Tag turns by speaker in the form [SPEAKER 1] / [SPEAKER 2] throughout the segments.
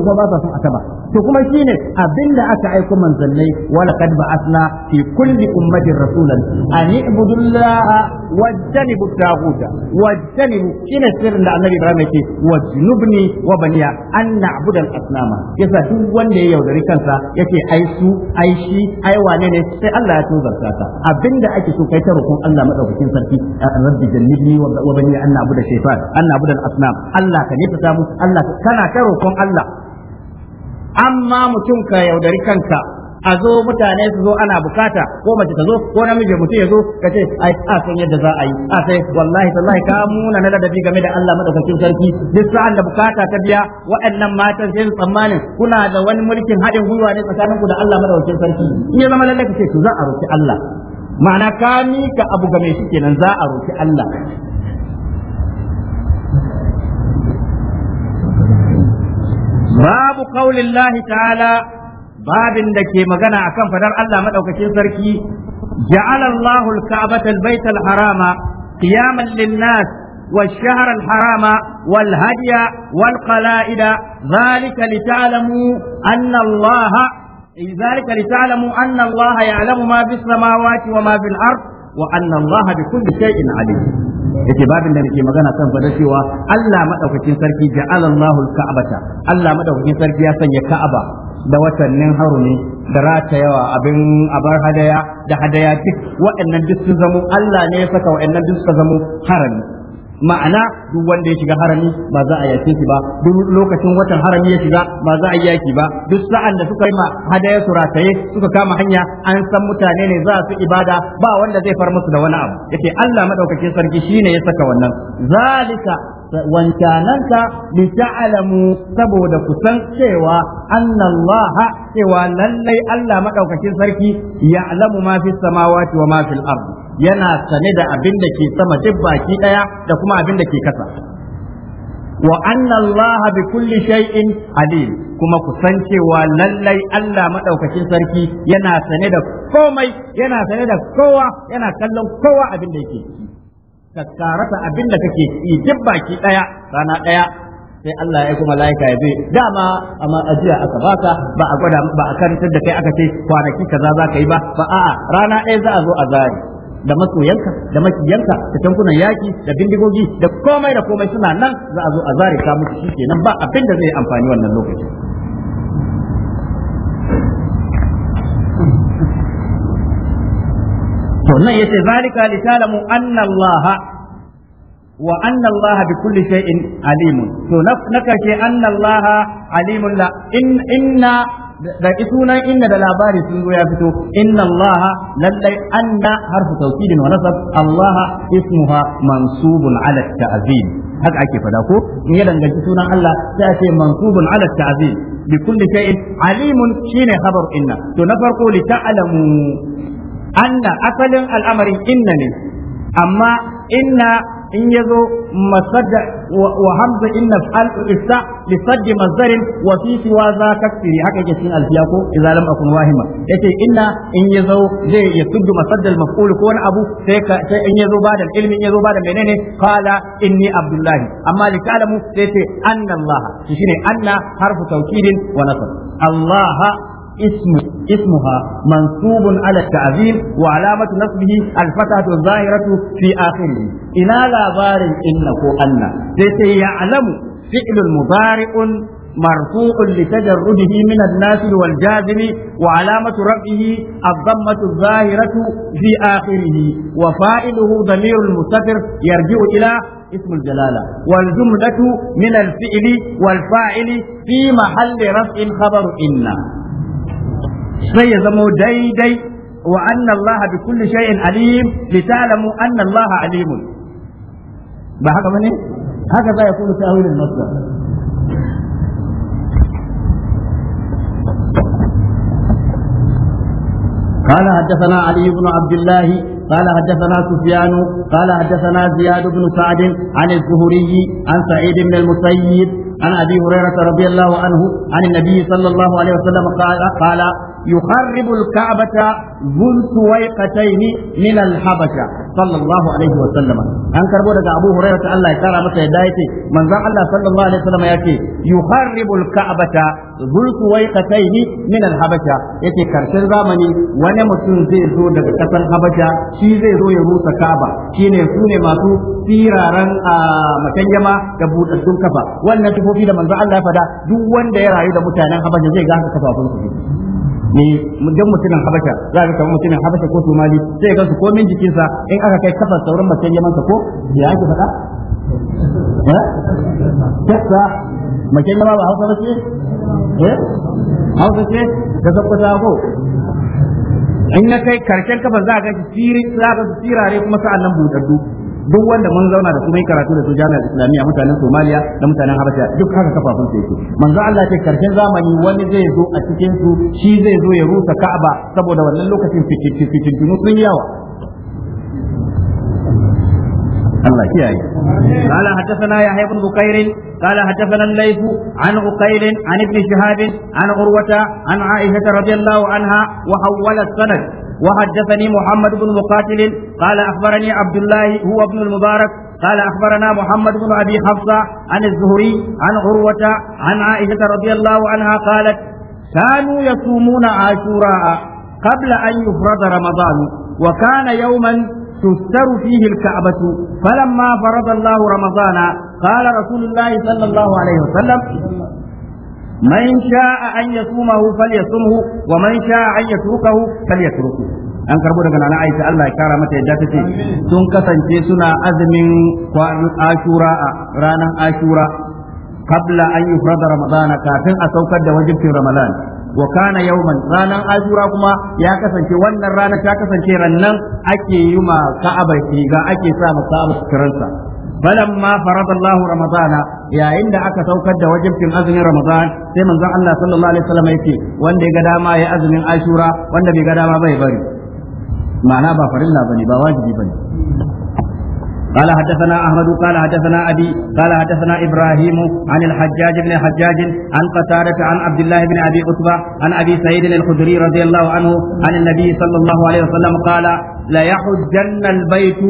[SPEAKER 1] kuma ba sa son ataba to kuma shine abinda aka aiko manzannai wala kad ba'athna fi kulli ummatin rasulan an ibudullaha wajtanibu taghuta wajtanibu shine sirrin da annabi Ibrahim yake wajnubni wa baniya an na'budal asnama yasa duk wanda ya yaudari kansa yake ai su ai shi ai wane ne sai Allah ya tozarta ka abinda ake so kai ta roƙon Allah madaukakin sarki rabbi jannibni wa baniya an na'budu shaytan an na'budal asnam Allah ka nifta mu Allah kana ta roƙon Allah amma mutum ka yaudari kanka a zo mutane su zo ana bukata ko mace ta zo ko namiji mutum ya zo ka ce ai a san yadda za a yi a sai wallahi tallahi ka muna na ladabi game da Allah madaukakin sarki duk sa'an da bukata ta biya waɗannan matan sai su tsammanin kuna da wani mulkin haɗin gwiwa ne tsakanin ku da Allah madaukakin sarki in ya zama lalle ka ce su za a roki Allah ma'ana ka mika abu game shi kenan za a roki Allah babu qaulin lahi ta'ala babin da ke magana akan fadar Allah maɗaukacin sarki ja'ala Allahu al-ka'bata al-bayta harama qiyaman lin-nas والشهر الحرام والهدي والقلائد ذلك لتعلموا أن الله ذلك لتعلموا أن الله يعلم ما في السماوات وما في الأرض وأن الله بكل شيء عليم yake babin da nake magana kan fada cewa Allah madaukakin sarki ja'ala Allahul Ka'bata Allah madaukakin sarki ya sanya Ka'aba da watannin harumi da rata yawa abin abar hadaya da hadaya duk waɗannan duk sun zamo Allah ne ya saka waɗannan duk suka zamo harami ma'ana duk wanda ya shiga harami ba za a yake shi ba duk lokacin watan harami ya shiga ba za a yaki ba duk sa'an da suka yi ma hadaya su rataye suka kama hanya an san mutane ne za su ibada ba wanda zai far musu da wani abu yace Allah madaukakin sarki shine ya saka wannan zalika wancananka li ta'lamu saboda ku san cewa annallaha cewa lallai Allah madaukakin sarki ya'lamu ma fis samawati wa ma fil ardi yana sane da abin da ke sama duk baki daya da kuma abin da ke kasa wa anna allaha bi kulli shay'in alim kuma ku san cewa lallai Allah madaukakin sarki yana sane da komai yana sane da kowa yana kallon kowa abin da yake ka karata abin da kake yi duk baki daya rana daya sai Allah ya kuma laika ya zai dama amma ajiya aka baka ba a gwada ba a karantar da kai aka ce kwanaki kaza za ka yi ba ba a'a rana ɗaya za a zo a zari da masoyanka da makiyanka da tankunan yaki da bindigogi da komai da komai suna nan za a zo a zare ka musu shikenan ba abin da zai amfani wannan lokaci to nan yace zalika li ta'lamu anna Allah wa anna Allah bi kulli shay'in alim to na kake anna Allah alimun la inna da sunan inna da labari sun zo ya fito inna allaha lallai anna harfu tawkidin wa nasab allaha ismuha mansubun ala ta'zim haka ake fada ko in ya danganci sunan Allah sai a ce mansubun ala ta'zim bi kulli shay'in alimun shine khabar inna to na farko li ta'lamu anna asalin al'amarin inna ne amma inna in yazo masadda wa hamza inna fa'al isa li mazarin wa fi siwa za haka yake cikin alfiya ko idza lam akun wahima yace inna in zo zai ya tuddu masadd maf'ul ko wani abu sai ka sai in yazo ba da ilmi in yazo ba da menene qala inni abdullahi amma li ta'lamu sai ce anna allah shine anna harfu tawkidin wa nasab allah اسم اسمها منصوب على التعظيم وعلامة نصبه الفتحة الظاهرة في آخره إلى لا بار إنه أن يعلم فعل مضارع مرفوع لتجرده من الناس والجازم وعلامة رفعه الضمة الظاهرة في آخره وفائله ضمير المستتر يرجع إلى اسم الجلالة والجملة من الفعل والفاعل في محل رفع خبر إن sai ya zama daidai wa anna Allah bi kulli shay'in alim li ta'lamu anna Allah alim ba haka bane haka za ya kuma tawilin masa قال حدثنا علي بن عبد الله قال حدثنا سفيان قال حدثنا زياد بن سعد عن الزهري عن سعيد بن المسيب عن ابي هريره رضي الله عنه عن النبي صلى الله عليه وسلم قال قال يخرب الكعبة ذو سويقتين من الحبشة صلى الله عليه وسلم أن كربو أبو هريرة الله يكرى متى يدايتي من ذا الله صلى الله عليه وسلم يأتي يخرب الكعبة ذو سويقتين من الحبشة يأتي كرشن زامني وانا مسلم زي زو دك كسر حبشة شي زي زو يروس كعبة شي نسوني ماسو سيرارا مكيما كبوت الدن كفا وانا تفوفي لمن ذا الله فدا دو وان دي رايو دا متانا حبشة زي غاك كفا ne dan mutumin habasha za ka kama mutumin habasha ko somali sai ga su komin jikinsa in aka kai kafar sauran yaman ka ko ya ake faɗa kasa mace ma ba hausa bace eh hausa ce ta ko in na kai karshen kafa za ka ga sirare kuma sa'an nan budaddu duk wanda mun zauna da su mai karatu da su jami'ar islamiyya mutanen somaliya da mutanen habasha duk haka kafafun su yake manzo Allah ce karshen zamani wani zai zo a cikin su shi zai zo ya rusa ka'aba saboda wannan lokacin fitin sun yawa الله كياي قال حدثنا يحيى بن بكير قال حدثنا الليث عن عقيل عن ابن شهاب عن عروة عن عائشة رضي الله عنها وحول السند وحدثني محمد بن مقاتل قال أخبرني عبد الله هو ابن المبارك قال أخبرنا محمد بن أبي حفصة عن الزهري عن عروة عن عائشة رضي الله عنها قالت كانوا يصومون عاشوراء قبل أن يفرض رمضان وكان يوما تستر فيه الكعبة فلما فرض الله رمضان قال رسول الله صلى الله عليه وسلم من شاء أن يصومه فليصومه ومن شاء أن يتركه فليتركه an karbo daga nana Aisha Allah ya kara mata yadda tace sun kasance suna azumin kwanan Ashura a ranar Ashura qabla an yufrada Ramadana kafin a saukar da wajibin Ramadan wa kana yawman ranan azura kuma ya kasance wannan rana ta kasance rannan ake yi ma ka'aba shiga ake sa ma ka'aba sukaransa Balan ma farada Allah ramadana yayin da aka saukar da wajibin azumin ramadan sai manzo Allah sallallahu alaihi wasallam yake wanda ya ga dama ya azumin ashura wanda bai gada ma bai bari ma'ana ba farilla bane ba wajibi bane قال حدثنا أحمد قال حدثنا أبي قال حدثنا إبراهيم عن الحجاج بن حجاج عن قتادة عن عبد الله بن أبي عتبة عن أبي سعيد الخدري رضي الله عنه عن النبي صلى الله عليه وسلم قال ليحجن البيت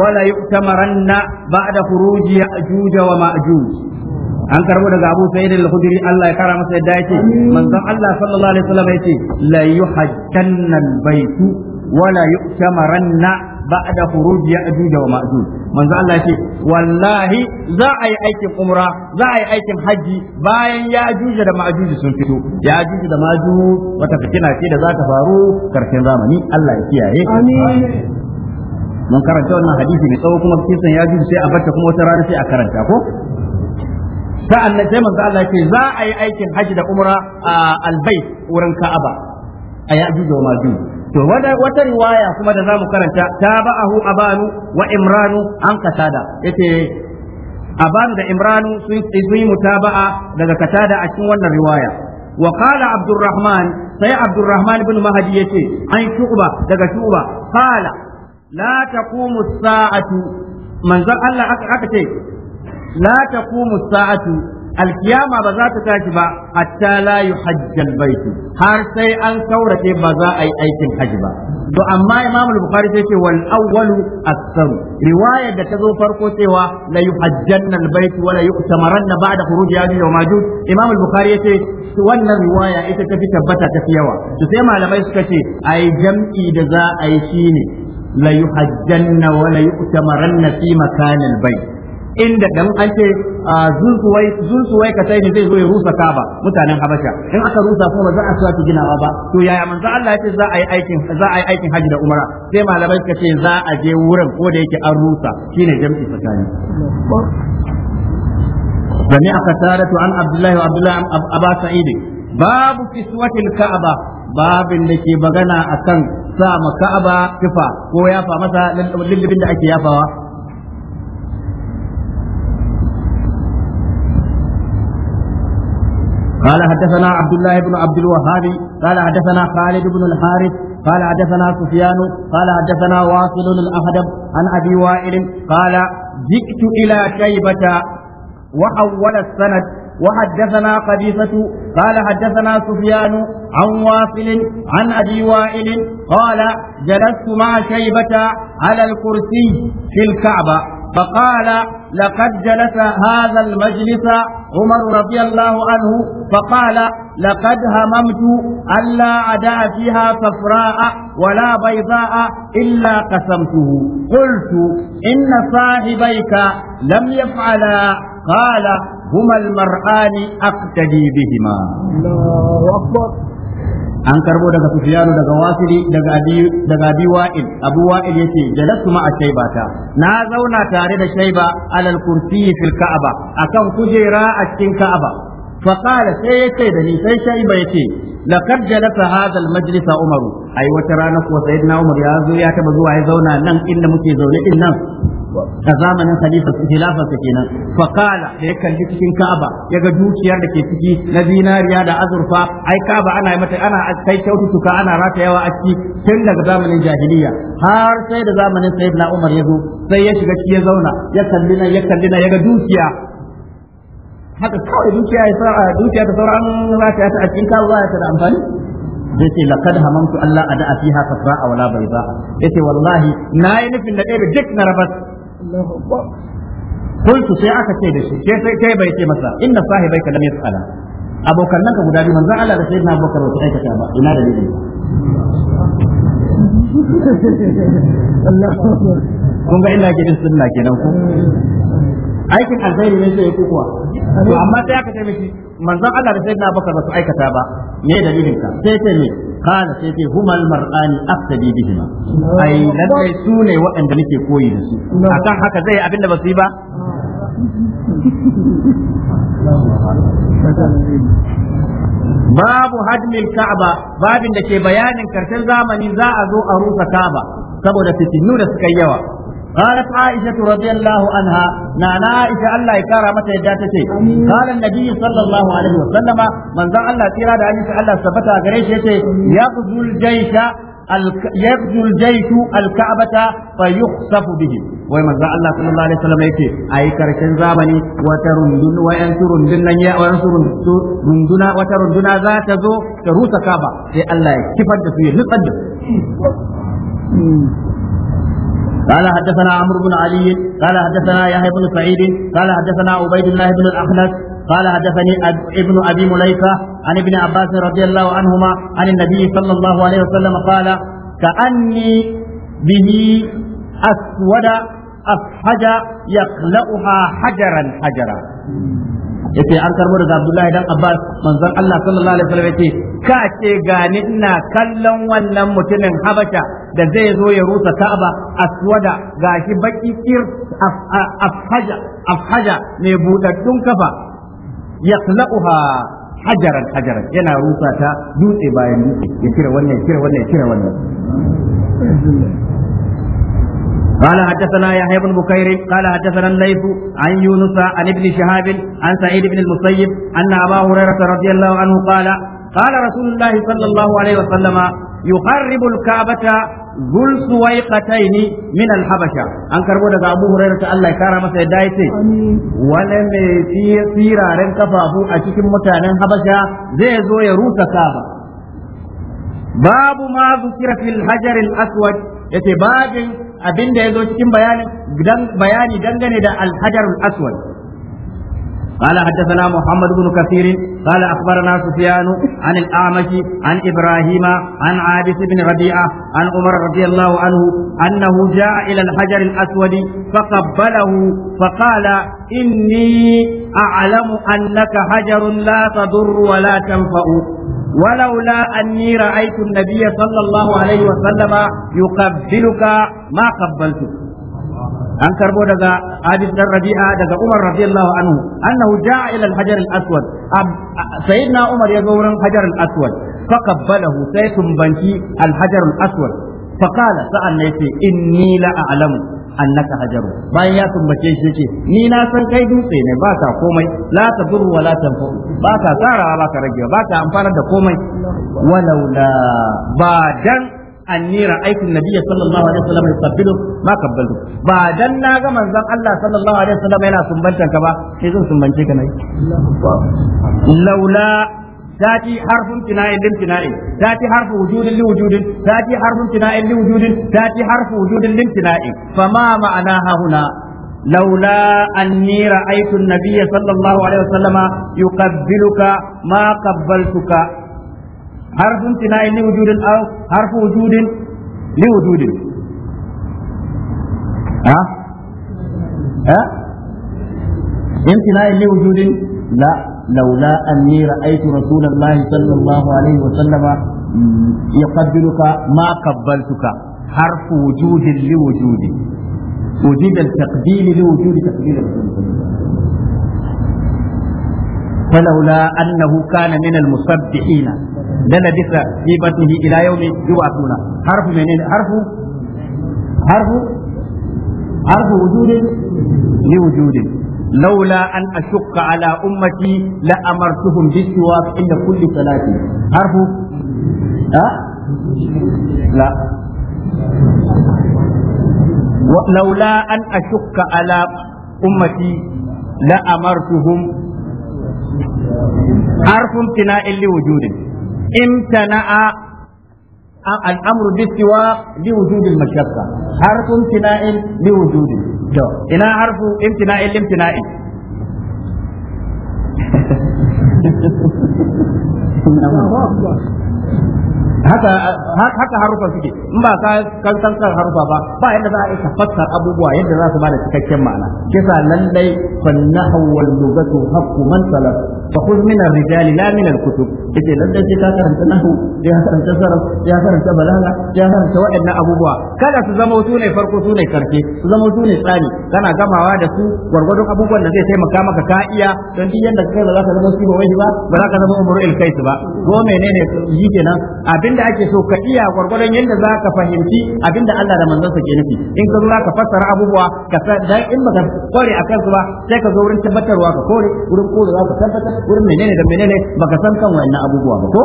[SPEAKER 1] ولا يؤتمرن بعد خروج يأجوج ومأجوج an karbo daga Abu Sa'id al-Khudri Allah ya kara masa yadda yake manzon Allah sallallahu alaihi wasallam yace la yuhajjanna al-baytu wa la yu'tamaranna ba'da khuruj ya'juj wa ma'juj manzo Allah ce wallahi za a yi aikin umra za a yi aikin haji bayan ya'juj da ma'juj sun fito ya'juj da ma'juj wata fitina ce za ta faru karshen zamani Allah ya kiyaye amin mun karanta wannan hadisi mai tsawo kuma kisan ya'juj sai a barta kuma wata rana sai a karanta ko sa'an nan sai Allah ce za a yi aikin haji da umra a albayt wurin Ka'aba a ya'juj wa to wata riwaya kuma da zamu karanta ta tabahu abanu wa imranu an katada yace abanu da imranu sun yi mutaba'a daga katada a cikin wannan riwaya wa qala abdurrahman sai abdurrahman ibn mahdi yace an shuba daga shuba qala la taqumu as-sa'atu manzon Allah aka ce la taqumu as-sa'atu alkiyama ba za ta tashi ba hatta la yuhajjal baitu har sai an saurace ba za a yi aikin haji ba to amma imam al-bukhari sai ce wal awwalu akthar riwaya da ta zo farko cewa la yuhajjanna al-baitu wa la yu'tamaranna ba'da khuruj yajud wa majud imam al-bukhari yace wannan riwaya ita ta fi tabbata ta fi yawa to sai malamai suka ce ai jam'i da za a yi shine la yuhajjanna wa la yu'tamaranna fi makanil bait inda dan an ce ah, zulfuwai zulfuwai ka sai zai zo ya rusa kaba mutanen habasha in aka rusa kuma za a sa ki ginawa ba to yaya manzo Allah ya ce za a yi aikin za a yi aikin haji da umara sai malamai ka ce za a je wurin ko da yake an rusa shine jami'i tsakani dani aka tare to an abdullahi wa abdullahi Aba sa'idi babu kiswatil ka'aba babin da ke magana akan sa ma ka'aba kifa ko yafa masa lillibin da ake yafawa قال حدثنا عبد الله بن عبد الوهاب قال حدثنا خالد بن الحارث قال حدثنا سفيان قال حدثنا واصل الأهدب عن أبي وائل قال جئت إلى شيبة وحول السند وحدثنا قبيصة قال حدثنا سفيان عن واصل عن أبي وائل قال جلست مع شيبة على الكرسي في الكعبة فقال لقد جلس هذا المجلس عمر رضي الله عنه فقال لقد هممت ألا أدع فيها صفراء ولا بيضاء إلا قسمته قلت إن صاحبيك لم يفعلا قال هما المرآن أقتدي بهما الله أكبر an karbo daga sufiyanu daga wasili daga abi daga wa'il abu wa'il yace jalastu ma'a shaybata na zauna tare da shayba alal kursi fil ka'aba akan kujera a cikin ka'aba فقال سيكي دني سيكي بيتي لقد جلس هذا المجلس عمر أي وترانك وسيدنا عمر يا زوي يا كما زوي زونا نن إن مكي زوي إن زمن خليفة خلافة كنا فقال ya اللي cikin Ka'aba yaga dukiya da ke ciki na zinariya da azurfa ai Ka'aba ana mata ana kai kyaututtuka ana ratayawa a ciki tun daga zamanin jahiliya har sai da zamanin Sayyidina Umar ya zo sai ya shiga ciki ya zauna ya kalli ya ga dukiya haka kawai dukiya ya sa dukiya ta sauran za ta ta a cikin kawo ya ta da amfani zai ce laqad hamantu Allah ada fiha kasra aw la bayda yace wallahi na yi nufin da ɗaya duk na rabat قلت sai aka ce da shi sai kai bai ce masa inna sahibaika lam yas'ala abokan nan ka guda biyu manzon Allah da sayyidina Abubakar ba su aikata ba ina da dalili kun ga ina gidan sunna kenan ku aikin alkhairi ne sai ya kuwa to amma sai aka tafi shi manzon Allah da sayyidina Abubakar ba su aikata ba me dalilin ka sai ce ne. kana sai ce humal mar'ani afsadi bihima ai lalle su ne waɗanda nake koyi da su akan haka zai abinda ba su yi ba babu Hadmin ka'aba babin da ke bayanin karshen zamani za a zo a rusa ka'aba saboda fitinu da suka yawa قالت عائشة رضي الله عنها نانا عائشة الله يكارى متى يداتتي قال النبي صلى الله عليه وسلم من ذا الله تيرا دا عائشة الله ثبتها قريش يغزو الجيش يغزو الجيش الكعبة فيخسف به ومن ذا الله صلى الله عليه وسلم يتي أي كرشن زامني وترندن وينسر دنيا وينسر رندنا وترندنا ذات ذو تروس كعبة لألا يكفر تسوية نقدر قال حدثنا عمرو بن علي قال حدثنا يحيى بن سعيد قال حدثنا عبيد الله بن الاخنس قال حدثني ابن ابي مليكه عن ابن عباس رضي الله عنهما عن النبي صلى الله عليه وسلم قال كاني به اسود افحج يقلعها حجرا حجرا yace an karbo daga Abdullahi dan Abbas manzon Allah sallallahu alaihi wasallam yace ka ce gani ina kallon wannan mutumin Habasha da zai zo ya rusa Ka'aba aswada gashi baki kir afhaja afhaja ne budaddun kafa yaqla'uha hajaran hajaran yana rusa ta dutse bayan dutse ya kira wannan ya kira wannan ya kira wannan قال حدثنا يحيى بن بكير قال حدثنا الليث عن يونس عن ابن شهاب عن سعيد بن المسيب أن أبا هريرة رضي الله عنه قال قال رسول الله صلى الله عليه وسلم يقرب الكعبة ذو السويقتين من الحبشة أن كربو دغا أبو هريرة الله يكرم مسا دايتي ولا مي سيرا رن كفافو a cikin mutanen Habasha zai zo ya rusa Kaaba babu ma zukira fil hajar al aswad yace babin abinda ya zo cikin bayani dangane da alhajarul aswad قال حدثنا محمد بن كثير قال اخبرنا سفيان عن الاعمش عن ابراهيم عن عابس بن ربيعه عن عمر رضي الله عنه انه جاء الى الحجر الاسود فقبله فقال اني اعلم انك حجر لا تضر ولا تنفع ولولا أني رأيت النبي صلى الله عليه وسلم يقبلك ما قبلتك an karbo daga Abid Rabi'a daga Umar radiyallahu anhu annahu ja'a ila al-hajar al na Umar ya zo wurin hajar al-aswad fa qabbalahu sai tumbanki al-hajar al-aswad fa qala sa'an ne inni la a'lamu annaka hajaru bayan ya tumbace shi yace ni na san kai dutse ne ba ka komai la tadur wa la tanfu ba ka tsarawa ba ka rage ba ka amfana da komai walaula ba dan anni ra'aytu nabiyya sallallahu alaihi wasallam yusabbilu ma qabbaltu ba dan na ga manzon Allah sallallahu alaihi wasallam yana sumbantar ka ba sai zan sumbance ka nayi laula تاتي حرف امتناع لامتناع تاتي حرف وجود لوجود تاتي حرف امتناع لوجود تاتي حرف وجود لامتناع فما معناها هنا لولا أني رأيت النبي صلى الله عليه وسلم يقبلك ما قبلتك حرف امتناع لوجود أو حرف وجود لوجود ها ها امتناع لوجود لا لولا أني رأيت رسول الله صلى الله عليه وسلم يقبلك ما قبلتك حرف وجود لوجود وجود التقبيل لوجود تقبيل رسول الله فلولا أنه كان من المسبحين للبث في بطنه إلى يوم يبعثون حرف من حرف حرف حرف وجود لوجود لولا أن أشق على أمتي لأمرتهم بالسواك عند كل صلاة عرفوا؟ ها؟ لا لولا أن أشق على أمتي لأمرتهم عرف امتناء لوجوده امتنع الأمر بالسواق لوجود المشقة حرف امتناء لوجوده to ina harfu imtina'in limtina'i haka haka harufan suke in ba ka kan san kan harufa ba ba yadda za a yi fassar abubuwa yadda za su bada cikakken ma'ana kisa lallai fannahu wal lugatu haqqu man salaf fa khudh min ar-rijali la min al-kutub lallai sai ka karanta nahu ya karanta sarf ya karanta balaga ya karanta waɗannan abubuwa kada su zama su ne farko su ne karshe su zama su ne tsani kana gamawa da su gwargwadon abubuwan da zai taimaka maka ka iya don duk yanda kai ba za ka zama su ba wai ba ba za ka zama umrul kais ba ko menene yi kenan abin abinda ake so ka iya gwargwadon yadda za ka fahimci abinda Allah da manzansa ke nufi in ka zo za ka fassara abubuwa ka dan in baka kware a kansu ba sai ka zo wurin tabbatarwa ka kore wurin kore za ka tabbatar wurin menene da menene ba ka san kan wannan abubuwa ba ko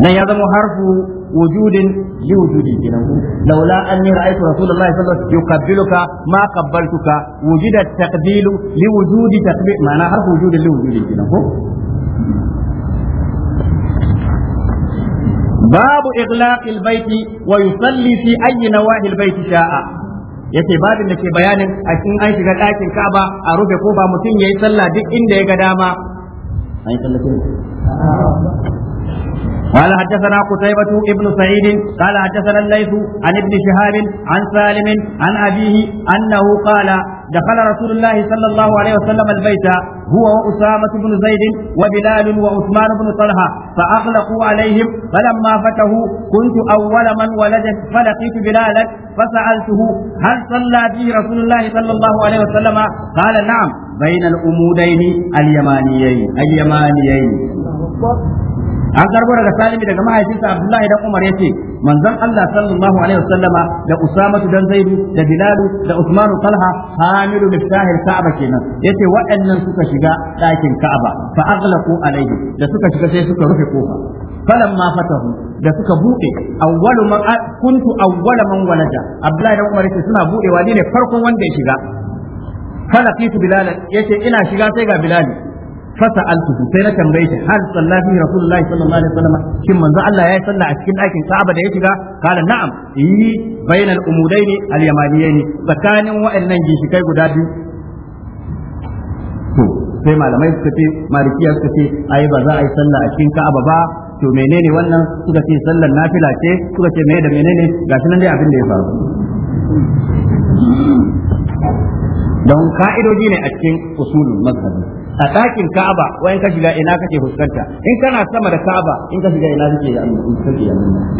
[SPEAKER 1] nan ya zama harfu wujudin li wujudi kenan laula anni ra'aytu rasulullahi sallallahu alaihi wasallam yuqabbiluka ma qabbaltuka wujida taqbilu li wujudi taqbil ma'ana harfu wujudin li wujudi kenan ko babu iglaqil baiti wa yusalli fi ayyi nawahil baiti sha'a babin da ke bayanin a cikin an shiga ɗakin Ka'aba a rufe ko ba mutum yayi sallah duk inda ya ga dama an sallah قال حدثنا قتيبة ابن سعيد قال حدثنا الليث عن ابن شهاب عن سالم عن أبيه أنه قال دخل رسول الله صلى الله عليه وسلم البيت هو وأسامة بن زيد وبلال وعثمان بن طلحة فأغلقوا عليهم فلما فتحوا كنت أول من ولدت فلقيت بلالا فسألته هل صلى به رسول الله صلى الله عليه وسلم قال نعم بين الأمودين اليمانيين اليمانيين an karbo daga salimi daga mahaifinsa abdullahi dan umar yace manzon Allah sallallahu alaihi wasallama da Usama dan Zaidu da Bilal da Usman Talha hamilu miftah al-Ka'aba kenan yace waɗannan suka shiga ɗakin Ka'aba fa aghlaqu alaihi da suka shiga sai suka rufe kofa falamma fatahu da suka buɗe awwalu man kuntu awwala man walada Abdullahi dan Umar yace suna buɗewa ne farkon wanda ya shiga falaqitu Bilal yace ina shiga sai ga Bilal fasa'altu sai na tambaye shi hal sallafi rasulullahi sallallahu alaihi wasallam shin manzo Allah ya yi sallah a cikin ɗakin Ka'aba da ya shiga kala na'am yi bainal umudaini al-yamaniyaini tsakanin wa'annan gishikai guda biyu to sai malamai suka ce malikiya suka ce ai ba za a yi sallah a cikin Ka'aba ba to menene wannan suka ce sallar nafila ce suka ce me da menene gashi nan dai abin da ya faru don ka'idoji ne a cikin usulul mazhabi a ɗakin Ka'aba wa wayan ka shiga ina kake fuskanta in kana sama da Ka'aba in ka shiga ina kake kake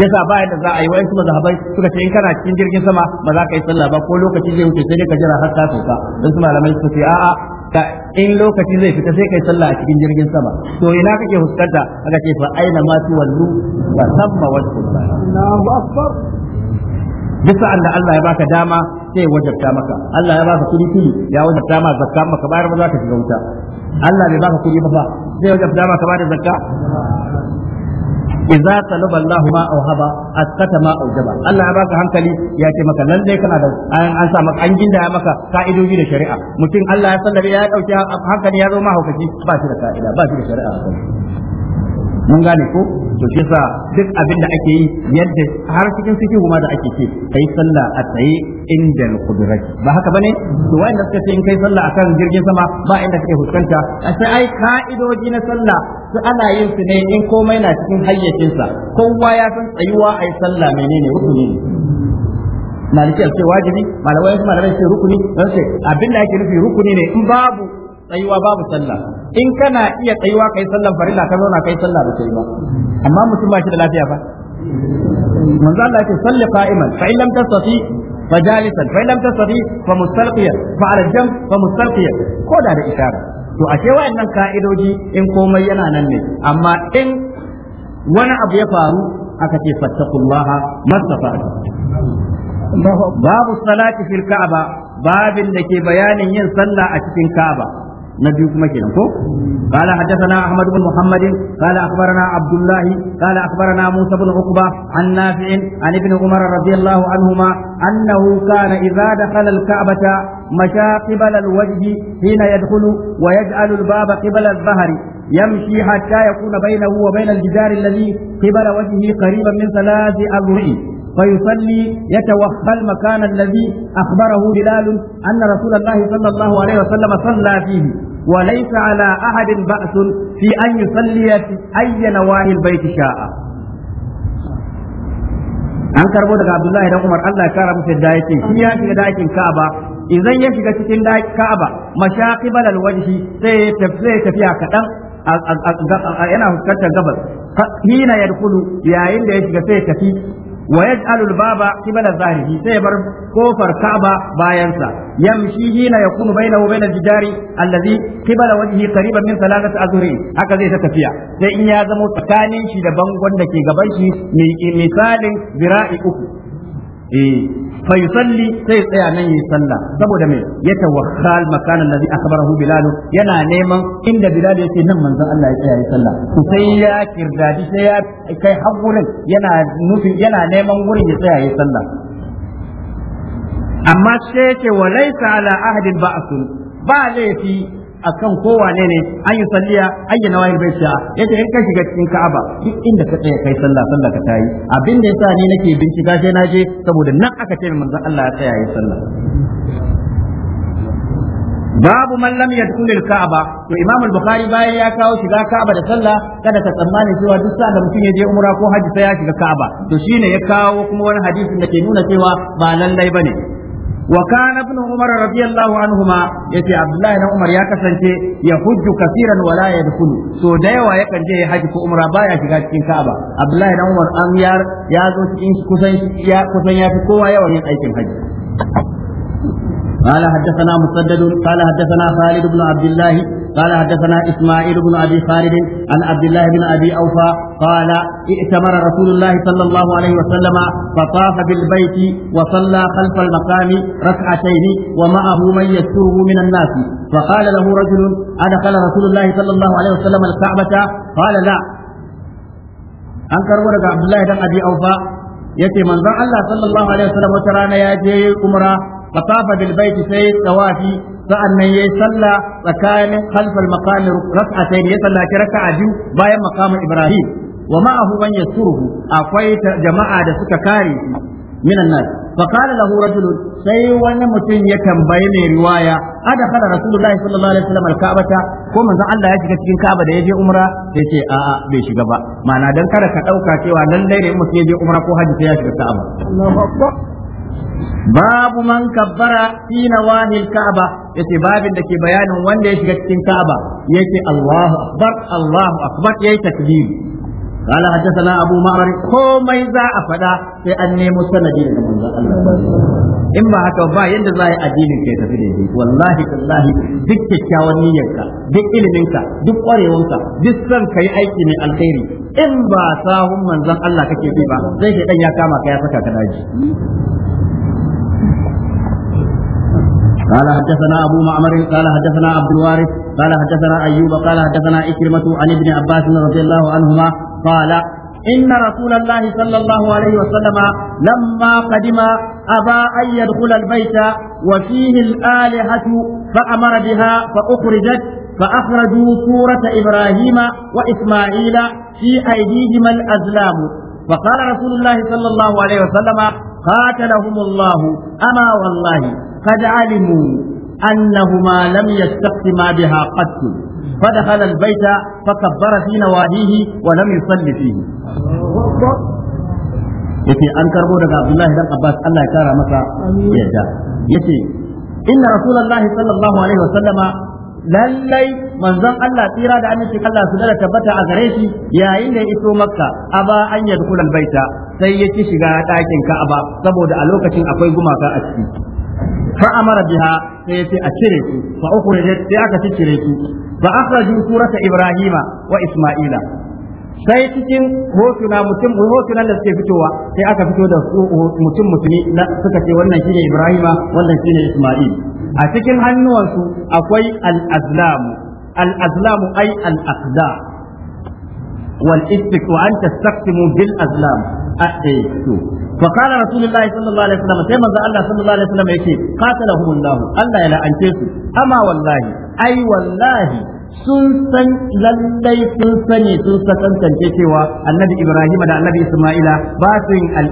[SPEAKER 1] yasa ba yadda za a yi wayan mazhabai suka ce in kana cikin jirgin sama ba za ka yi sallah ba ko lokaci zai wuce sai dai ka jira har ta sauka don su malamai su ce a'a ka in lokaci zai fita sai kai sallah a cikin jirgin sama to ina kake fuskanta aka ce fa aina ma tuwallu wa samma wal Allahu akbar duk sa'an da Allah ya baka dama sai wajabta maka Allah ya baka kudi kudi ya wajabta ma zakka maka bayar ba za ka shiga wuta Allah bai baka kudi ba fa sai wajabta maka ba da zakka idza talaba Allah ma auhaba askata ma aujaba Allah ya baka hankali ya ce maka lalle kana da an sa maka an ginda ya maka ka'idoji da shari'a mutum Allah ya sallabe ya dauki hankali ya zo ma haukaci ba shi da ka'ida ba shi da shari'a mun gane ko to shi yasa duk abin da ake yi yadda har cikin cikin kuma da ake ce kai sallah a tsaye inda al-qudrat ba haka bane to wanda suka ce in kai sallah akan jirgin sama ba inda kake fuskanta sai ai ka'idoji na sallah su ana yin su ne in komai na cikin hayyacinsa kowa ya san tsayuwa ai sallah menene rukuni maliki ce wajibi malawai malamai sai rukuni don abin da ake nufi rukuni ne in babu tsayuwa babu sallah in kana iya tsayuwa kai sallar farilla ka zauna kai sallah ba kai ba amma mutum ba shi da lafiya ba manzo Allah yake salli qa'iman fa in lam tastati fa jalisan fa in lam tastati fa mustalqiyan fa ala jam fa mustalqiyan ko da da isharar to ashe wayannan ka'idoji in komai yana nan ne amma in wani abu ya faru aka ce fattakullaha mastafa'tu babu salati fil ka'aba babin da ke bayanin yin sallah a cikin ka'aba نبي كما كنا قال حدثنا أحمد بن محمد قال أخبرنا عبد الله قال أخبرنا موسى بن عقبة عن نافع عن ابن عمر رضي الله عنهما أنه كان إذا دخل الكعبة مشى قبل الوجه حين يدخل ويجعل الباب قبل الظهر يمشي حتى يكون بينه وبين الجدار الذي قبل وجهه قريبا من ثلاث أذرع فيصلي يتوخى المكان الذي أخبره بلال أن رسول الله صلى الله عليه وسلم صلى فيه وليس على أحد بأس في أن يصلي في أي نواهي البيت شاء an karbo daga Abdullahi dan Umar Allah ya kara musu dayakin shi ya shiga Ka'aba idan ya shiga cikin Ka'aba mashaqibal alwajhi sai ya tafiya kadan yana fuskantar gabas hina yadkhulu yayin da ya shiga sai ya tafi wa yaj'alu al-baba qibala zahrihi sai bar kofar Ka'aba bayansa yamshi hina yakunu bainahu wa bainal jidari allazi qibala wajhi qariban min thalathati azhuri haka zai ta tafiya sai in ya zamo tsakanin shi da bangon da ke gaban shi mai misalin zira'i uku eh fa yusalli sai tsaya nan yi sallah saboda mai ya tawakkal makan allazi akhbarahu bilal yana neman inda bilal ce nan manzon Allah ya tsaya yi sallah to ya kirdadi sai ya kai hakurin yana yana neman wurin ya tsaya yi sallah amma sai ce wa laysa ala ahadin ba'sun ba laifi akan kowane ne an yi salliya an yi nawahil bai sha yace in ka shiga cikin Ka'aba duk inda ka tsaya kai sallah sallah ka tayi abin da yasa ni nake bincika sai na je saboda nan aka ce manzon Allah ya tsaya yi sallah babu man lam yadkhul kaaba to imam al-bukhari bayan ya kawo shiga ka'aba da sallah kada ka tsammani cewa duk sanda mutum ya je umra ko haji sai ya shiga ka'aba to shine ya kawo kuma wani hadisin da ke nuna cewa ba lallai bane wa kana ibn umar ma ya ce abdullahi dan umar ya kasance ya hujju kaseeran wala yadkhulu to da yawa yakan je haji ko umra baya shiga cikin ka'aba abdullahi dan umar an ya zo cikin kusan ya fi kowa yawan yin aikin haji قال حدثنا مسدد قال حدثنا خالد بن عبد الله قال حدثنا إسماعيل بن أبي خالد عن عبد الله بن أبي أوفى قال ائتمر رسول الله صلى الله عليه وسلم فطاف بالبيت وصلى خلف المقام ركعتين ومعه من يستره من الناس فقال له رجل أدخل رسول الله صلى الله عليه وسلم الكعبة قال لا أنكر ورد عبد الله بن أبي أوفى yace manzon Allah sallallahu alaihi wasallam wata rana ya je umra fa tafa bil baiti sai tawafi sa’an nan ya yi sallah tsakanin halfar makamin rasatai ya salla ki raka a biyu bayan makamin ibrahim wa ma a ya surhu akwai jama’a da suka kare su minan nan faƙala da hura julu sai wani mutum ya tambayi mai riwaya a da fara rasulun sallallahu alaihi wasallam alkabata ko manzo Allah ya shiga cikin kaba da ya je umra sai ce a bai shiga ba Mana don kada ka ɗauka cewa lallai da ya musu ya umra ko hajji sai ya shiga ta'aba. babu man kabbara fi nawahil ka'aba yace babin da ke bayanin wanda ya shiga cikin ka'aba yake Allahu akbar Allahu akbar yayi takbir قال حدثنا ابو معمر komai za a faɗa sai an nemo sanadi daga manzon in ba haka ba yadda za a yi addinin ka ya tafi da wallahi tallahi duk kyakkyawan niyyarka duk iliminka duk kwarewanka duk san ka yi aiki mai alkhairi in ba sahun wanzan Allah kake bi ba sai dan ya kama ka ya saka ka daji قال حدثنا أبو معمر قال حدثنا عبد الوارث قال حدثنا أيوب قال حدثنا إكرمة عن ابن عباس رضي الله عنهما قال إن رسول الله صلى الله عليه وسلم لما قدم أبى أن يدخل البيت وفيه الآلهة فأمر بها فأخرجت فأخرجوا سورة إبراهيم وإسماعيل في أيديهما الأزلام فقال رسول الله صلى الله عليه وسلم قاتلهم الله أما والله قد علموا أنهما لم يستقسما بها قط فدخل البيت فكبر في نواديه ولم يصل فيه yace an karbo daga Abdullahi dan Abbas Allah ya kara masa yadda yace inna rasulullahi sallallahu alaihi wasallama lallai manzon Allah tsira da aminci Allah su dala tabbata a gare shi yayin da ya iso Makka aba an yadkhul albaita sai ya ci shiga ɗakin Ka'aba saboda a lokacin akwai gumaka a ciki fa amara biha sai yace a cire su fa ukhrijat sai aka cire su fa akhraju surata ibrahima wa isma'ila sai cikin hotuna mutum hotunan da suke fitowa sai aka fito da mutum mutumi na suka ce wannan shine ibrahima wannan shine isma'il a cikin hannuwansu akwai al-azlam al-azlam ay al-aqda wal istiqwa an tastaqsimu bil azlam فقال رسول الله صلى الله عليه وسلم سيما الله صلى الله عليه وسلم يكي قاتلهم الله الله يلا أنكيسو أما والله أي والله sun san lallai sun sani sun sakantance cewa annabi Ibrahim da annabi Isma'ila ba su yin al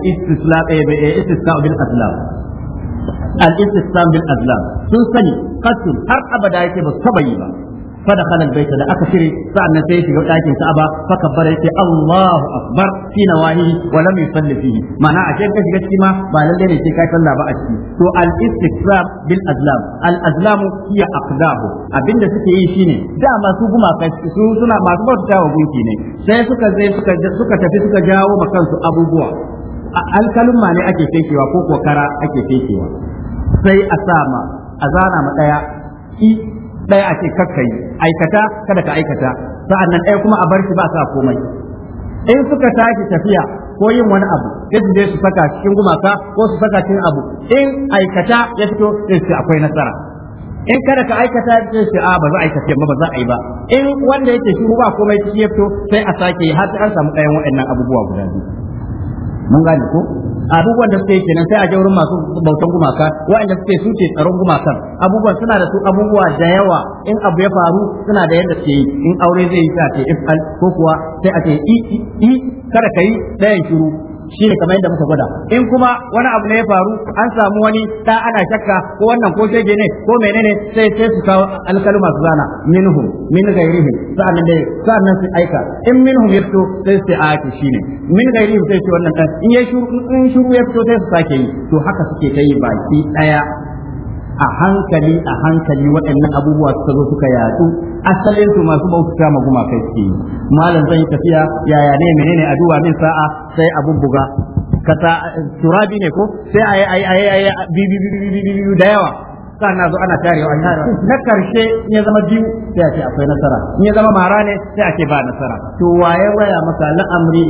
[SPEAKER 1] sun sani kasu har abada yake ba taɓa yi ba فدخل البيت لا أكثر فأنا سيش يؤتاك كعبة فكبر يتي الله أكبر في نواهيه ولم يصلي فيه معنى عشان كشي كشي ما بالله ليس كيف الله بأشي تو الاستكرام بالأزلام الأزلام هي أقداه أبين ده سكي يشيني دا ما سوبو ما كشي سنا ما سوبو تجاو بوكيني سيسوكا زي سوكا سوكا تفي سوكا جاو مكان سو أبو بوا alkalumma ne ake fekewa ko kokara ake fekewa sai a sama a zana ma daya i ɗaya a ce kakka yi aikata kada ka aikata sa'annan ɗaya kuma a bar shi ba sa komai in suka tashi tafiya ko yin wani abu sai su je su saka cikin gumaka ko su saka cikin abu in aikata ya fito sai su akwai nasara in kada ka aikata sai su a ba za a aikata ba ba za a yi ba in wanda yake shi ba komai ciki ya fito sai a sake har sai an samu ɗayan waɗannan abubuwa guda biyu mun gane ko abubuwan da suke kenan sai a je wurin masu bautan gumaka waɗanda suke su ke tsaron gumakan abubuwan suna da su abubuwa da yawa in abu ya faru suna da yadda suke yi in aure zai yi a ce ifal ko kuwa sai a ce i i kada kai ɗayan shiru Shi ne kamar yadda muka gwada in kuma wani abu ne ya faru an samu wani da ana shakka ko wannan ko shege ne ko menene sai sai su kawo alkaluma su zana minhum min ghairihim sa'an dai sa'an su aika in minhum yato sai su aiki ah, ne min ghairihim sai su wannan in ya shuru in shuru yato sai su sake yi to haka suke kai baki daya a hankali a hankali waɗannan abubuwa suka zo suka yatsu asalin su masu bauta ma gumakai suke malam zan yi tafiya yaya ne menene addu'a min sa'a sai abun buga kata turabi ne ko sai ayi ayi ayi da yawa sannan zo ana tarewa an yara na karshe ya zama biyu sai a akwai nasara in ya zama mara ne sai ake ba nasara to waye waya masa la'amri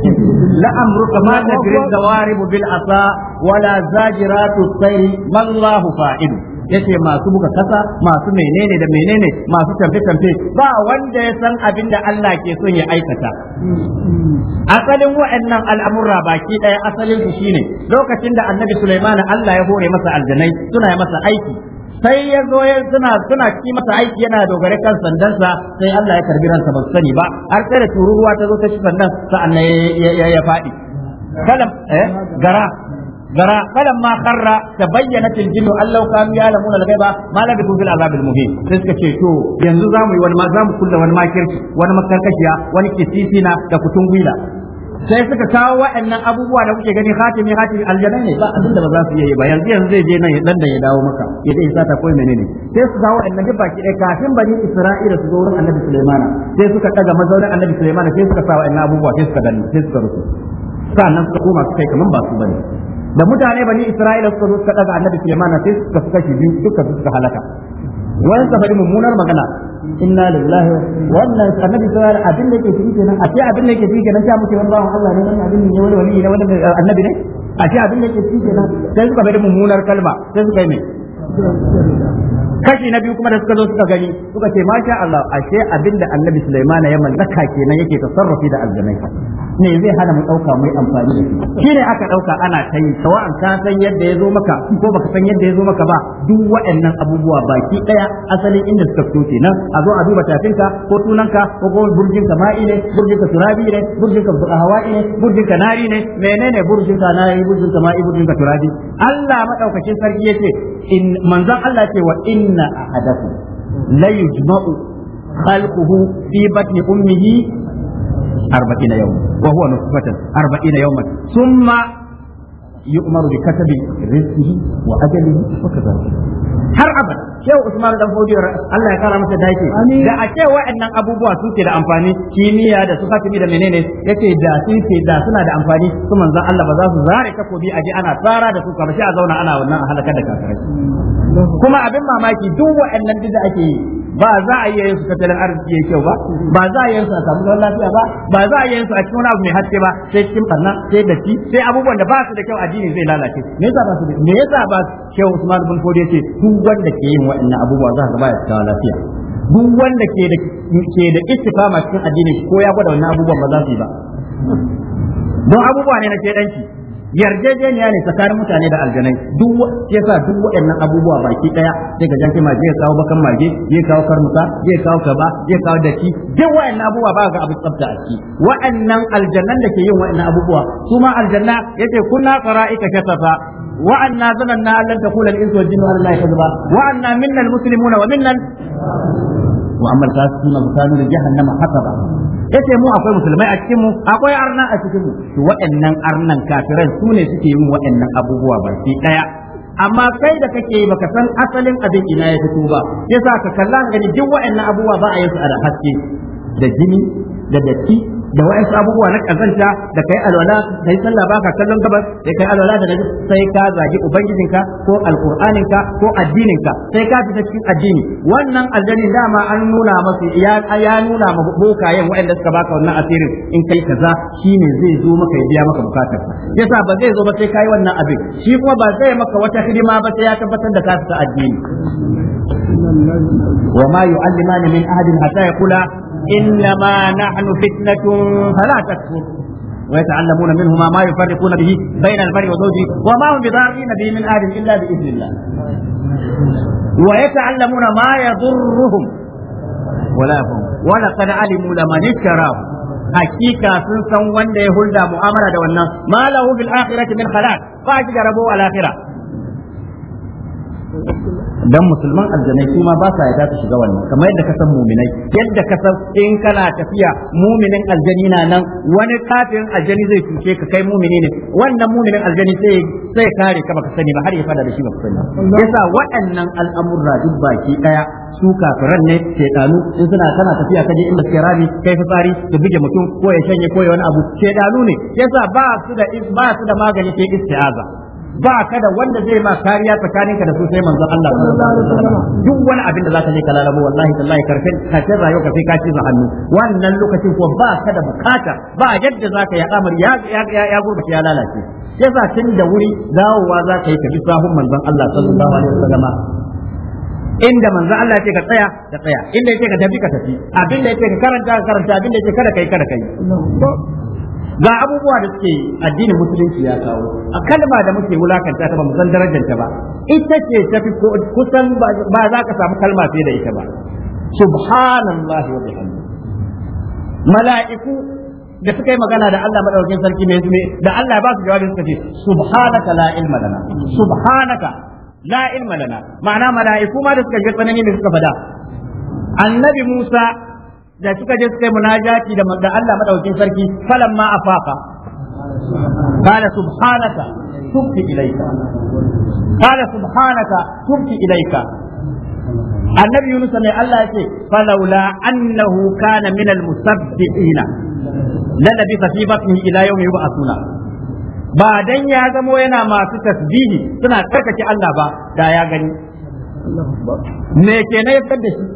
[SPEAKER 1] la'amru kama da grid da waribu bil asa wala zajiratu sayri mallahu fa'idu yace masu buga kasa masu menene da menene masu tamfe tamfe ba wanda ya san abin da Allah ke son ya aikata asalin wa'annan al'amurra baki daya asalin su shine lokacin da annabi Sulaiman Allah ya hore masa aljanai suna masa aiki sai ya zo ya suna suna ki masa aiki yana dogare kan sandansa sai Allah ya karbi ransa ba sani ba har sai da tururuwa ta zo ta ci sandan sa'an ya ya faɗi kalam eh gara ذرا فلما خر تبينت الجن ان لو كانوا يعلمون الغيب ما لبثوا في العذاب المهين sai ce to yanzu zamu yi wani ma zamu kulla wani makirci wani makarkashiya wani kisisina da kutun gwila sai suka kawo waɗannan abubuwa da kuke gani hatimi hatimi aljanna ne ba abin da ba za su yi ba yanzu yanzu zai je nan dan da ya dawo maka ya dai sata ko menene sai su kawo waɗannan duk baki ɗaya kafin bani Isra'ila su zo wurin Annabi Sulaiman sai suka daga mazaunin Annabi Sulaiman sai suka sa waɗannan abubuwa sai suka danne sai suka rufe sannan suka koma su kai kaman ba su bane da mutane bani Isra'ila suka zo suka daga annabi Sulaiman sai suka suka shi biyu duka suka halaka wani suka faɗi mummunar magana inna lillahi wannan annabi Sulaiman abin da yake ciki kenan a ce abin da yake ciki kenan sai muke wannan Allah ne wannan abin ne wani wali ne wani eh, annabi ne a ce abin da yake ciki kenan sai suka faɗi mummunar kalma sai suka yi mai kashi na biyu kuma da suka zo suka gani suka ce masha Allah ashe abin da annabi Sulaiman ya mallaka kenan yake tasarrufi da aljanai me zai hana mu dauka mai amfani da shi shine aka ɗauka ana ta yi sawa'an ka san yadda ya zo maka ko baka san yadda ya zo maka ba duk waɗannan abubuwa baki ɗaya asalin inda suka fito kenan a zo a duba tafinka ko tunanka ko ko burjin ma'i ne burjin turabi ne burjin ka hawa'i ne burjin ka nari ne menene burjin ka nari burjin ka ma'i burjin turabi Allah madaukakin sarki yace in manzon Allah ce wa inna ahadakum la yujma'u خلقه في بطن أمه arba'ina yau wa huwa nutfatan arba'ina yawman thumma yu'maru bi katabi rizqihi wa wa har abada shehu usman dan Fodi Allah ya kara masa dace da a ce wa'annan abubuwa su ke da amfani kimiyya da su hatimi da menene yake da sun ce da suna da amfani su manzon Allah ba za su zare takobi a ji ana tsara da su kamar shi a zauna ana wannan a halakar da kafirai kuma abin mamaki duk wa'annan da ake yi ba za a iya yin su tattalin arziki ya kyau ba ba za a iya yin a samu zaman lafiya ba ba za a iya yin su a cikin wani abu mai haske ba sai cikin barna sai datti sai abubuwan da ba su da kyau jini zai lalace me yasa ba su me yasa ba shehu Usman bin Fodi yace duk wanda ke yin waɗannan abubuwa za su ba su da lafiya duk wanda ke da ke da istifama cikin addini ko ya gwada wannan abubuwan ba za su yi ba don abubuwa ne na shedanci yarjejeniya ne tsakanin mutane da aljanai duk yasa duk waɗannan abubuwa baki daya sai ga mage kima zai kawo bakan mage zai kawo karnuka zai kawo kaba zai kawo daki duk waɗannan abubuwa ba ga abu tsafta a ciki waɗannan aljannan da ke yin waɗannan abubuwa su ma aljanna yace kunna qara'ika katafa وأنا ظننا أن لن تقول الإنس والجن على الله كذبا وأنا منا المسلمون ومنا وأما الفاسقون فكانوا لجهنم حسبا yace mu akwai musulmai a cikinmu akwai arna a cikinmu to waɗannan arnan kafiran su ne suke yin waɗannan abubuwa ba baki ɗaya amma kai da kake baka san asalin abin ina ya fito ba yasa ka kalla ka gani duk waɗannan abubuwa ba a yin su a haske da jini da datti da wa'ansu abubuwa na kazanta da kai alwala kai sallah ka kallon gabas da kai alwala da nabi sai ka zagi ubangijinka ko alqur'aninka ko addininka sai ka fita cikin addini wannan aljani dama an nuna masa ya ya nuna ma bokayen wa'anda suka baka wannan asirin in kai kaza shine zai zo maka ya biya maka bukatar yasa ba zai zo ba sai kai wannan abin shi kuma ba zai maka wata hidima ba sai ya tabbatar da ka fita addini وما يعلمان من أحد حتى يقولا إنما نحن فتنة فلا تكفر ويتعلمون منهما ما يفرقون به بين المرء وزوجه وما هم بضارين به من أحد إلا بإذن الله ويتعلمون ما يضرهم ولا هم ولقد علموا لمن اشتراه hakika sun san wanda ya hulda mu'amala da wannan ma lahu fil akhirati min khalaq ba shi da rabo al akhirah dan musulman aljanai su ma ba sa yarda su shiga wannan kamar yadda ka san muminai yadda ka san in kana tafiya muminin aljani na nan wani kafin aljani zai cuce ka kai mumini ne wannan muminin aljani sai sai kare ka baka sani ba har ya fada da shi baka sani yasa waɗannan al'amurra duk baki daya su kafiran ne shedanu in suna kana tafiya ka je inda suke rami kai fitsari da buge mutum ko ya shanye ko ya wani abu shedanu ne yasa ba su da ba su da magani sai isti'aza ba ka da wanda zai ma kariya tsakaninka da su sai manzon Allah duk wani abin da zaka je ka lalabo wallahi tallahi karfin kafin rayuwa ka sai ka ci hannu wannan lokacin ko ba ka da bukata ba yadda zaka yi amar ya ya gurbace ya lalace yasa tun da wuri dawowa zaka yi ka bi sahun manzon Allah sallallahu alaihi wasallam inda manzo Allah ya ce ka tsaya ka tsaya inda yake ka tafi ka tafi abinda yake ka karanta ka karanta abinda yake kada kai kada kai ga abubuwa da suke addinin musulunci ya kawo a kalma da muke wulakanta ta ba mu san darajanta ba ita ce tafi kusan ba za ka samu kalma fiye da ita ba subhanallahi wa bihamdihi mala'iku da suka yi magana da Allah madaukakin sarki mai zume da Allah ba su jawabi suka ce subhanaka la ilma lana subhanaka la ilma lana ma'ana mala'iku ma da suka ga tsanani ne suka fada annabi Musa da suka je suka yi munajati da Allah madaukin sarki falamma afaqa قال سبحانك تبت إليك قال سبحانك تبت إليك النبي يونس من الله يقول فلولا أنه كان من المسبحين للبث في بطنه إلى يوم يبعثون ba dan ya zamo yana masu tasbihi suna tsarkake Allah ba da ya gani me ke na fitar da shi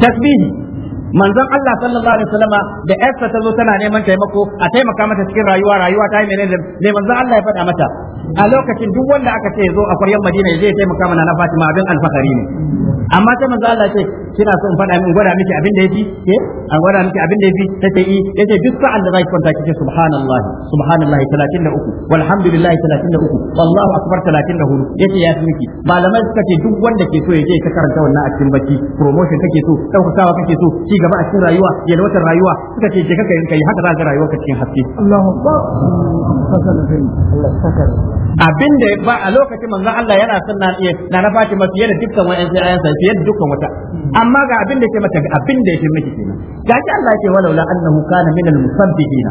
[SPEAKER 1] tasbihi manzon Allah sallallahu alaihi wasallama da yarsa ta zo tana neman taimako a taimaka mata cikin rayuwa rayuwa ta yi menene ne manzon Allah ya faɗa mata a lokacin duk wanda aka ce zo a kwaryan Madina ya je taimaka mana na Fatima abin alfahari ne amma sai manzon Allah ce kina so in faɗa min gwada miki abin da yafi ke eh, an gwada miki abin da yafi tace yi yace duk sa'an da zaki kwanta kike subhanallah subhanallah 33 walhamdulillah 33 wallahu akbar 34 yace ya fi miki malamai suka ce duk wanda ke so ya je ka karanta wannan a cikin bacci promotion kake so daukakawa kake so ci gaba a cikin rayuwa watan rayuwa suka ce je ka kai haka za ka rayuwa ka cikin haske Allahu Akbar abin da ba a lokacin manzon Allah yana son na iya na na Fatima fiye da dukkan wa'an sai ayansa fiye da dukkan wata amma ga abin da yake mata ga abin da yake miki kenan gashi Allah yake walaula annahu kana min al-musabbihin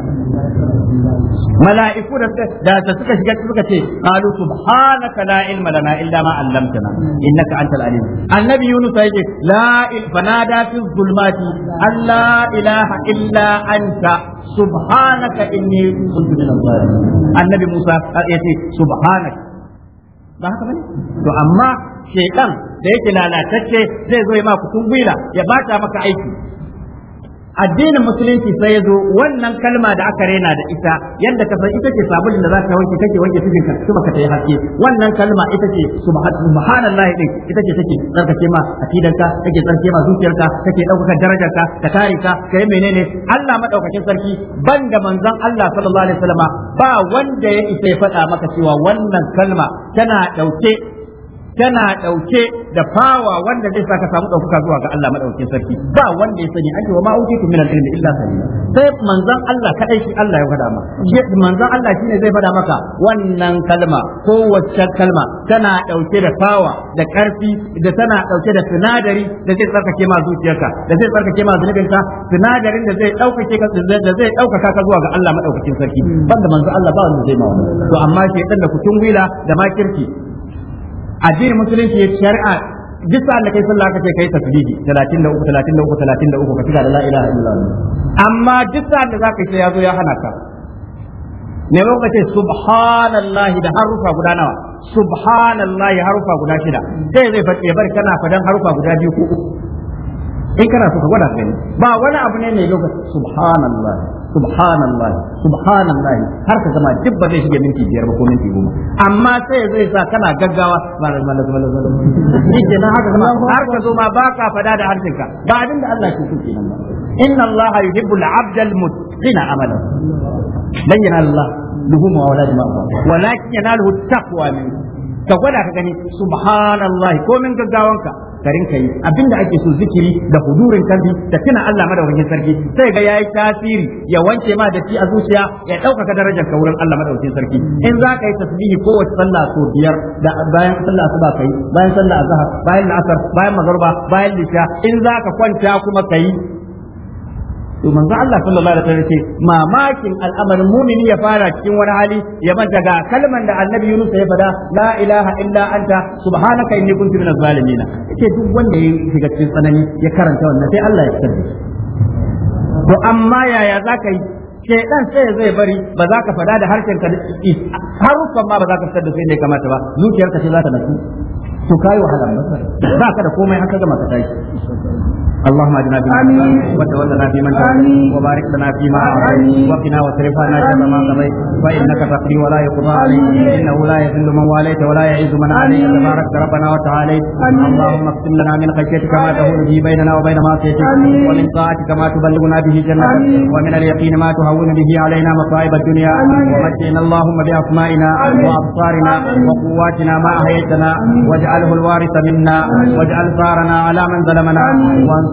[SPEAKER 1] mala'iku da da suka shiga suka ce qalu subhanaka la ilma lana illa ma 'allamtana innaka antal alim annabi yunus yake la il fanada fi zulmati Allah ilaha illa anta subhanaka inni kuntu minaz zalimin annabi Musa ya ce subhanaka ba haka bane to amma shedan da yake lalatacce zai zo ya ma kutun ya bata maka aiki addinin musulunci sai ya zo wannan kalma da aka rena da ita yadda ka san ita ce sabulin da za ta wanke kake wanke cikin ka kuma ka tayi haske wannan kalma ita ce subhanallahi din ita ce take tsarkake ma akidanka take tsarkake ma zuciyarka take daukaka darajarka ka kare ka kai menene Allah madaukakin sarki banda manzon Allah sallallahu alaihi ba wanda ya isa ya faɗa maka cewa wannan kalma tana dauke tana ɗauke da fawa wanda zai saka samu ɗaukaka zuwa ga Allah madaukakin sarki ba wanda ya sani ake wa ma uke min al-ilmi illa sani. sai manzon Allah kadai shi Allah ya fada maka manzon Allah shine zai faɗa maka wannan kalma ko wacce kalma tana ɗauke da fawa da ƙarfi da tana ɗauke da sinadari da zai tsarkake ma zuciyarka da zai tsarkake ma zuciyarka sinadarin da zai ɗaukake ka da zai ɗaukaka ka zuwa ga Allah madaukakin sarki banda manzon Allah ba wanda zai ma wannan to amma shedan da kutun wila da makirci addinin musulunci ya shari'a duk sa'an da kai sallah kace kai tasbihi 33 33 33 ka tuka da la ilaha illallah amma duk sa'an da zaka ce yazo ya hana ka ne ka ce subhanallahi da harufa guda nawa subhanallahi harufa guda shida sai zai fadi bar kana fadan harufa guda biyu ko uku in kana so ka gwada gani ba wani abu ne mai lokaci subhanallahi subhanallah subhanallah har ka duk ba zai shige minti biyar ba ko minti goma amma sai zai sa kana gaggawa kenan haka har ka zo ma baka fada da harfinka ba abin da Allah ke so kenan inna Allah amalan dan yana Allah jama'a walakin taqwa ka gwada ka gani subhanallahi komin gaggawanka ka kai yi abinda ake so zikiri da hudurin kanbi da tuna Allah madaukakin sarki sai ga yayi tasiri ya wanke ma da a zuciya ya ɗaukaka darajar ka wurin Allah madaukakin sarki in za ka yi tasbihi kowace sallah so biyar da bayan sallah asuba kai bayan sallah azhar bayan la'asar bayan magruba bayan lisha in za ka kwanta kuma kai to manzo Allah sallallahu alaihi wasallam ce mamakin al'amarin mumini ya fara cikin wani hali ya manta ga kalman da annabi Yunus ya fada la ilaha illa anta subhanaka inni kuntu minaz zalimin yace duk wanda ya shiga cikin tsanani ya karanta wannan sai Allah ya tsare to amma yaya zaka yi shaidan sai zai bari ba za ka fada da harshen ka haruffan ma ba za ka fitar da sai ne kamata ba zuciyarka ce za ta nasu to kayi wahala ba ka da komai haka gama ka tashi اللهم اجعلنا في وتولنا في من وبارك لنا فيما وقنا واصرف عنا شر ما قضيت فانك تقضي ولا يقضى عليك انه لا يذل من واليت ولا يعز من عليك تبارك ربنا وتعالى اللهم اقسم لنا من خشيتك ما تهون به بيننا وبين معصيتك ومن طاعتك ما تبلغنا به جنتك ومن اليقين ما تهون به علينا مصائب الدنيا ومتعنا اللهم باسمائنا وابصارنا وقواتنا ما احييتنا واجعله الوارث منا واجعل ثارنا على من ظلمنا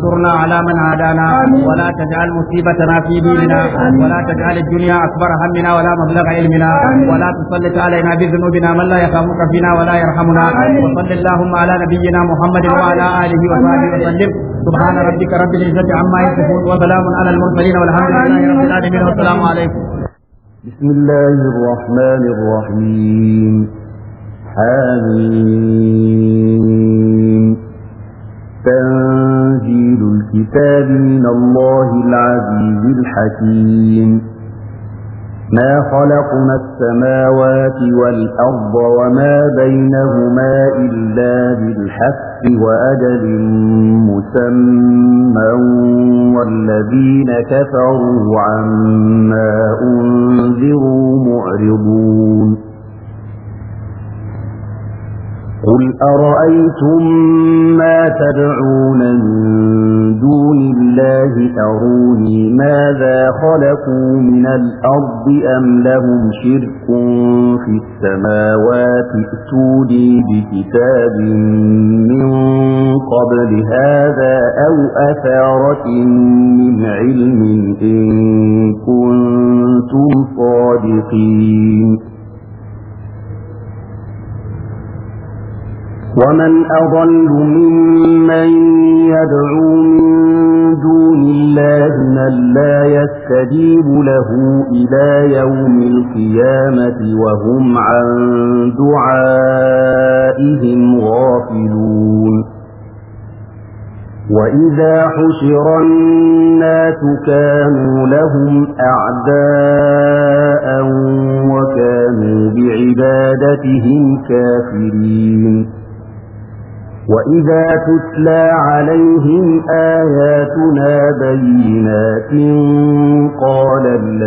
[SPEAKER 1] وانصرنا على من عادانا ولا تجعل مصيبتنا في ديننا ولا تجعل الدنيا أكبر همنا ولا مبلغ علمنا ولا تسلط علينا بذنوبنا من لا يخافك فينا ولا يرحمنا وصل اللهم على نبينا محمد وعلى آله وصحبه وسلم سبحان ربك رب العزة عما يصفون وسلام على المرسلين والحمد لله رب العالمين والسلام عليكم
[SPEAKER 2] بسم الله الرحمن الرحيم حميم تنزيل الكتاب من الله العزيز الحكيم ما خلقنا السماوات والأرض وما بينهما إلا بالحق وأجل مسمى والذين كفروا عما أنزل قل أرأيتم ما تدعون من دون الله أروني ماذا خلقوا من الأرض أم لهم شرك في السماوات ائتوني بكتاب من قبل هذا أو أثارة من علم إن كنتم صادقين ومن أضل ممن يدعو من دون الله من لا يستجيب له إلى يوم القيامة وهم عن دعائهم غافلون وإذا حشر الناس كانوا لهم أعداء وكانوا بعبادتهم كافرين
[SPEAKER 3] وَإِذَا تُتْلَى عَلَيْهِمْ آيَاتُنَا بَيِّنَاتٍ قَالَ